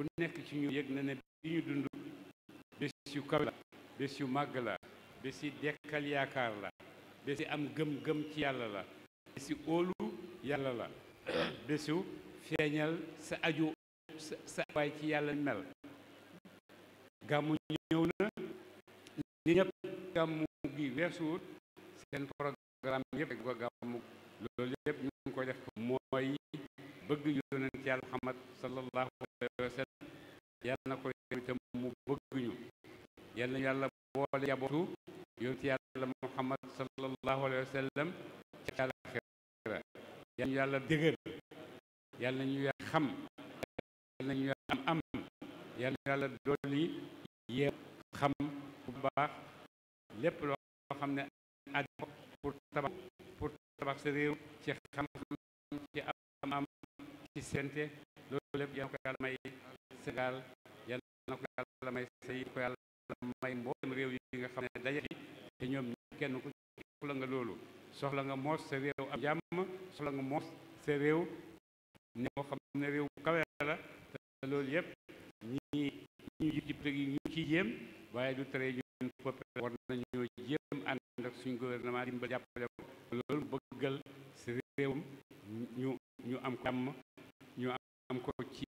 ku nekk ci ñu yëg na ne bi ñu dund bés yu kawe la bés yu màgg la bés yi dekkal yaakaar la bés yi am gëm-gëm ci yàlla la bés yu óolu yàlla la bés yu feeñal sa aju sa waay ci yàlla mel gàmmu ñëw na ni ñëpp gàmmu gi weesuut seen programme yëpp ko gàmmu loolu yëpp ñu ngi ko def mooy bëgg yonent yàlla Muhammad sallallahu yal na yàlla boole yabootu yonent yàlla muhammad sallallahu alayhi wa sallam ci àllaxira yal nañu yàlla dëgër yal nañu yàlla xam yal nañu yàlla am am yal nañu yàlla dolli yeew xam bu baax lépp loo xam ne ad pour tabax pour tabax sa réew ci xam-xam ci am am ci sente loolu lépp yal na ko yàlla may Sénégal yal na ko yàlla may say ko may mboolem réew yi nga xam ne daje te ñoom ñi kenn ku soxla nga loolu soxla nga moos sa réew am jàmm soxla nga moos sa réew ne moo xam ne réew bu la loolu yëpp ñi ñu ji yi ñu ciy jéem waaye du tere ñun populaire war nañoo ànd ak suñ gouvernement dimbal jàppale ko loolu bëggal si réewam ñu ñu am ko jàmm ñu am ko ci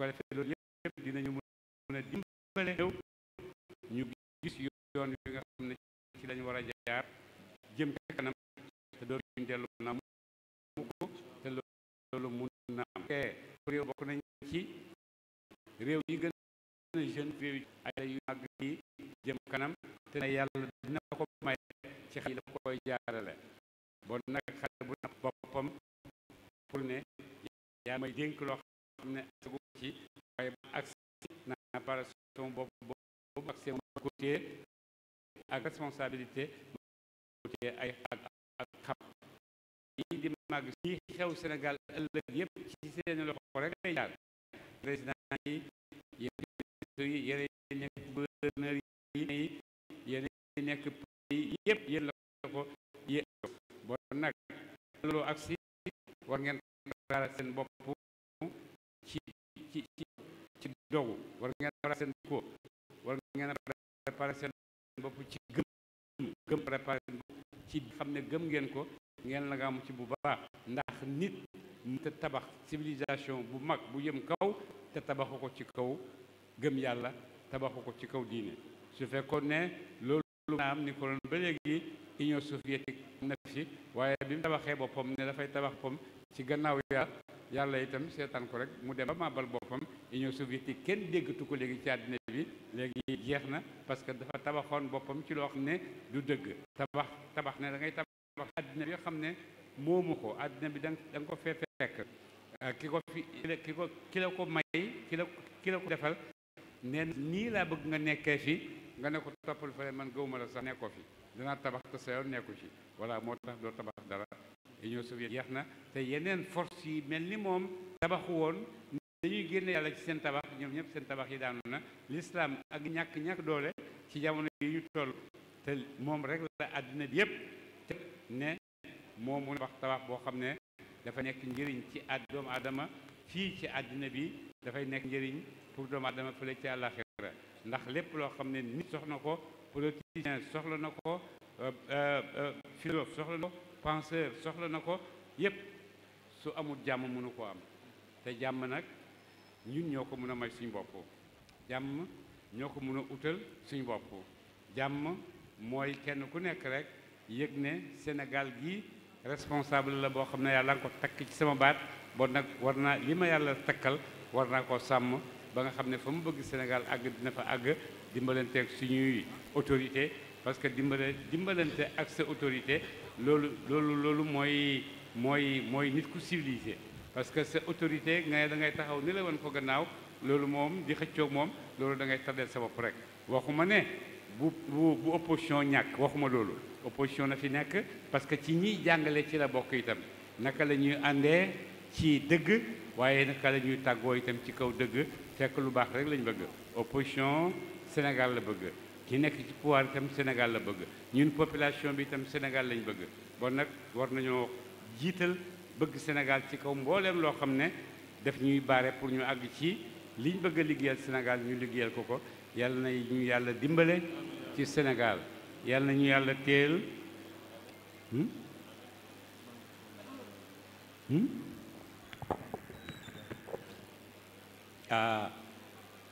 ko defee loolu yëpp dinañu mën a dimbale néew ñu gis yoon wi nga xam ne ci lañu war a jaar jëm ca kanam te doo ñu dellu na mu ko te loolu mun na am réew bokk nañ ci réew yi gën a réew yi ay yi jëm kanam te na yàlla dina ko may ci xale yi la koy jaarale bon nag xale bu na boppam pour ne yaa may dénk ak responsabilité ay ak ak xam yi di màgg ci xew Sénégal ëllëg yëpp ci seen loxo rek lay jaar président yi yéen yi nekk gouverneur yi yéen nekk yi yëpp yéen bon nag loolu ak si war ngeen seen bopp ci ci ci dogu war ngeen seen ko war ngeen seen bopp ci gëm gëm préparé ci xam ne gëm ngeen ko ngeen la nga am ci bu baax ndax nit te tabax civilisation bu mag bu yëm kaw te tabaxu ko ci kaw gëm yàlla tabaxu ko ci kaw diine su fekkoon ne loolu am ni ko doon ba léegi union soviétique na fi waaye bi mu tabaxee boppam ne dafay tabax boppam ci gannaaw yàlla yàlla itam seetaan ko rek mu dem ba mabal boppam Union soviétique kenn déggatu ko léegi ci àddina bi léegi jeex na parce que dafa tabaxoon boppam ci loo xam ne du dëgg tabax tabax ne da ngay tabax àddina bi xam ne moomu ko àddina bi da nga ko fee fekk euh, ki fi ki ko ko may ki la ki la defal neen nii laa bëgg nga nekkee fi nga ne ko toppal fële man gëwuma la sax nekkoo fi danaa tabax te sa yoon nekku ci voilà moo tax doo tabax dara Union soviétique jeex na te yeneen force yi mel ni moom tabaxu woon dañuy génne yàlla ci seen tabax ñoom ñëpp seen tabax yi daanu na lislaam ak ñàkk ñàkk doole ci jamono yi ñu toll te moom rek la àddina bi yëpp te ne moom mu wax tabax boo xam ne dafa nekk njëriñ ci ad doomu aadama fii ci àddina bi dafay nekk njëriñ pour doomu aadama fële ci àllaaxira ndax lépp loo xam ne nit soxla na ko politicien soxla na ko euh, euh, euh, philosophe soxla na ko penseur soxla na ko yëpp su amul jàmm mënu ko am te jàmm nag ñun ñoo ko mën a may suñu bopp jàmm ñoo ko mën a utal suñu bopp jàmm mooy kenn ku nekk rek yëg ne Sénégal gi responsable la boo xam ne yàlla nga ko takk ci sama baat bon nag war naa li ma yàlla takkal war naa koo sàmm ba nga xam ne fa mu bëgg Sénégal àgg dina fa àgg dimbalante ak suñuy autorité parce que dimbale dimbalante ak sa autorité loolu loolu loolu mooy mooy mooy nit ku civilisé parce que sa autorité nga ne da ngay taxaw ni la woon ko gannaaw loolu moom di xëccoog moom loolu da ngay tardeel sa bopp rek waxuma ne bu bu bu opposition ñàkk waxuma loolu opposition na fi nekk parce que ci ñiy jàngale ci la bokk itam naka la ñuy àndee ci dëgg waaye naka la ñuy tàggoo itam ci kaw dëgg fekk lu baax rek lañ bëgg opposition Sénégal la bëgg ki nekk ci pouvoir itam Sénégal la bëgg ñun population bi itam Sénégal lañ bëgg bon nag war nañoo bëgg Sénégal ci kaw mbooleem loo xam ne daf ñuy baare pour ñu àgg ci liñ bëgg a liggéeyal Sénégal ñu liggéeyal ko ko yàlla na ñu yàlla dimbale ci Sénégal yàlla na ñu yàlla teel hmm? Hmm? ah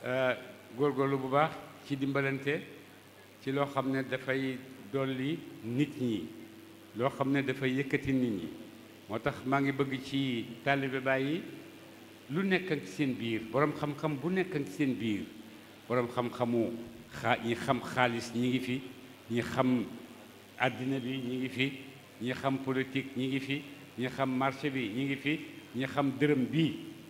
euh, góorgóorlu bu baax ci dimbalante ci loo xam ne dafay dolli nit ñi loo xam ne dafay yëkkati nit ñi moo tax maa ngi bëgg ci taalibe bàyyi lu nekk ak seen biir borom xam-xam bu nekk ak seen biir borom xam-xamu xaa ñi xam xaalis ñi ngi fi ñi xam àddina bi ñi ngi fi ñi xam politique ñi ngi fi ñi xam marché bi ñi ngi fi ñi xam dërëm bi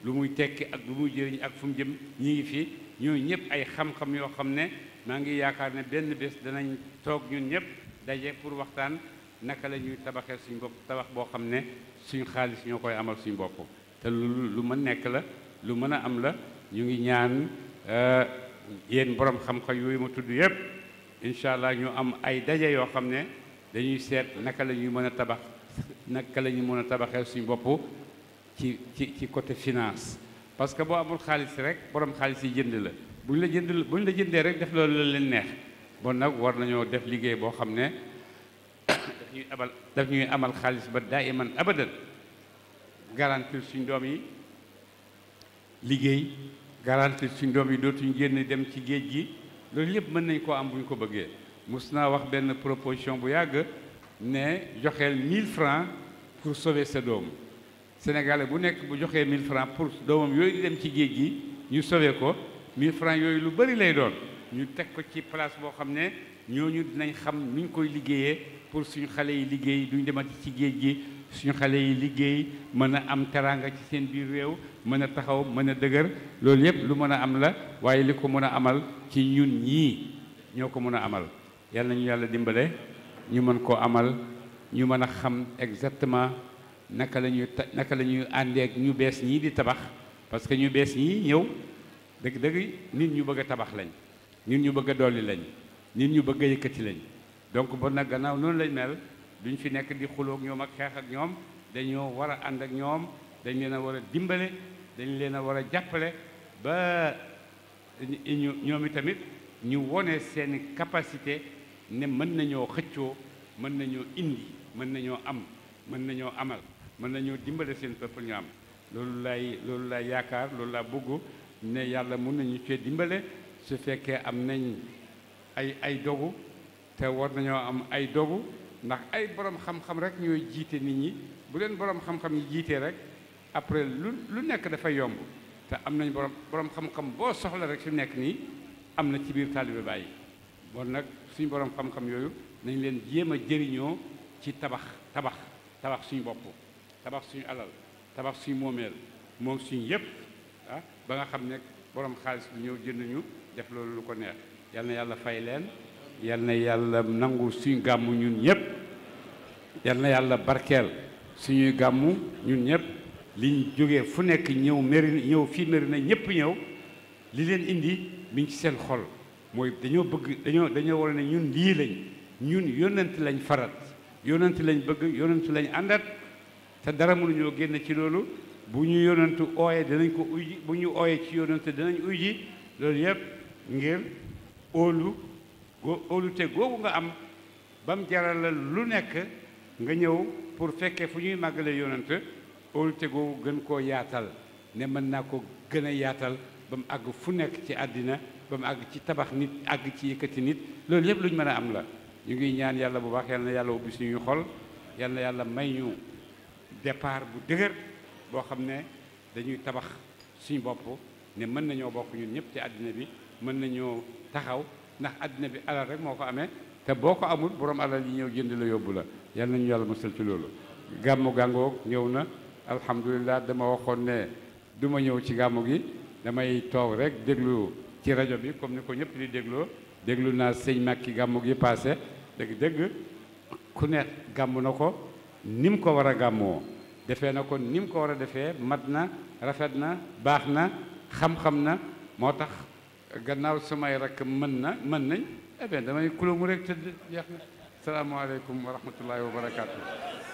lu muy tekki ak lu muy jëriñ ak fu mu jëm ñi ngi fi ñooñu ñëpp ay xam-xam yoo xam ne maa ngi yaakaar ne benn bés danañ toog ñun ñëpp daje pour waxtaan naka la ñuy tabaxee suñ bopp tabax boo xam ne suñ xaalis ñoo koy amal suñ bopp te lu lu mën nekk la lu mën a am la ñu ngi ñaan euh, yéen borom xam-xam yooyu ma tudd yëpp incha allah ñoo am ay daje yoo xam ne dañuy seet naka la ñuy mën a tabax naka la ñuy mën a tabaxee suñ bopp ci ci ci côté finance parce que boo amul xaalis rek borom xaalis yi jënd la bu ñu la jënd bu ñu la jëndee rek def loolu la leen neex bon nag war nañoo def liggéey boo xam ne daf ñuy abal daf ñuy amal xaalis ba man abadan garantir suñ doom yi liggéey garantir suñ doom yi dootuñ génn dem ci géej gi loolu yëpp mën nañ koo am bu ñu ko bëggee mus naa wax benn proposition bu yàgg ne joxeel 1000 francs pour sauver sa doom sénégalais bu nekk bu joxee mille francs pour doomam yooyu dem ci géej gi ñu sauver ko 1000 francs yooyu lu bari lay doon ñu teg ko ci place boo xam ne ñooñu dinañ xam nuñ koy liggéeyee pour suñu xale yi liggéey duñ demati ci géej gi suñu xale yi liggéey mën a am teraanga ci seen biir réew mën a taxaw mën a dëgër loolu yëpp lu mën a am la waaye li ko mën a amal ci ñun ñii ñoo ko mën a amal yàlla nañu yàlla dimbale ñu mën koo amal ñu mën a xam exactement naka la naka la ñuy àndee ñu bees ñii di tabax parce que ñu bees ñii ñëw dëgg dëgg nit ñu bëgg a tabax lañ ñun ñu bëgg a dolli lañu nit ñu bëgg a yëkkati lañ donc bon nag gannaaw noonu lañ mel duñ fi nekk di xulook ñoom ak xeex ak ñoom dañoo war a ànd ak ñoom dañ leen a war a dimbale dañ leen a war a jàppale ba ñu ñoom itamit ñu wone seen capacité ne mën nañoo xëccoo mën nañoo indi mën nañoo am mën nañoo amal mën nañoo dimbale seen peuple ñu am loolu laay loolu laay yaakaar loolu laa bëgg ne yàlla mën nañu cee dimbale su fekkee am nañ ay ay dogu te war nañoo am ay dogu ndax ay borom xam-xam rek ñooy jiite nit ñi bu leen borom xam-xam yi jiitee rek après lu nekk dafa yomb te am nañ borom borom xam-xam boo soxla rek su nekk nii am na ci biir taalibe Baay bon nag suñ borom xam-xam yooyu nañ leen jéem a jëriñoo ci tabax tabax tabax suñu bopp tabax suñu alal tabax suñu moomeel moom suñu yépp ah ba nga xam ne borom xaalis bi ñëw jënd ñu def loolu lu ko neex yal na yàlla fay leen yal na yàlla nangu suñu gàmmu ñun ñëpp yal na yàlla barkeel suñuy gàmmu ñun ñëpp liñ jóge fu nekk ñëw Médina ñëw fii Médina ñëpp ñëw li leen indi mi ci seen xol mooy dañoo bëgg dañoo dañoo war ñun lii lañ ñun yonent lañ farat yonent lañ bëgg yonent lañ àndat te dara mënuñoo génn ci loolu bu ñu yonentu ooyee dinañ ko uy bu ñu ooyee ci yonent dinañ uy loolu yëpp ngir óolu óolute googu nga am ba mu jaral la lu nekk nga ñëw pour fekkee fu ñuy màggale yonent óolute googu gën koo yaatal ne mën naa ko gën a yaatal ba mu àgg fu nekk ci àddina ba mu àgg ci tabax nit àgg ci yëkkati nit loolu yëpp lu ñu mën a am la ñu ngi ñaan yàlla bu baax yàlla na yàlla ubbi suñuy xol yàlla yàlla may ñu départ bu dëgër boo xam ne dañuy tabax suñu bopp ne mën nañoo bokk ñun ñëpp ci àddina bi mën nañoo taxaw ndax àddina bi alal rek moo ko amee te boo ko amul borom alal yi ñëw jënd la yóbbu la yal nañu yàlla musal ci loolu gàmmu gàngook ñëw na alhamdulilah dama waxoon ne du ma ñëw ci gàmmu gi damay toog rek déglu ci rajo bi comme ni ko ñëpp di dégloo déglu naa sëñ Màkki gàmmu gi passé dëgg dégg ku ne gàmm na ko ni mu ko war a gàmmoo defee na ko ni mu ko war a defee mat na rafet na baax na xam-xam na moo tax gannaaw samay rakk mën na mën nañ eh bien damay kulóomu rek tëdd jeex na salaamaaleykum wa rahmatullahi wa barakaatu.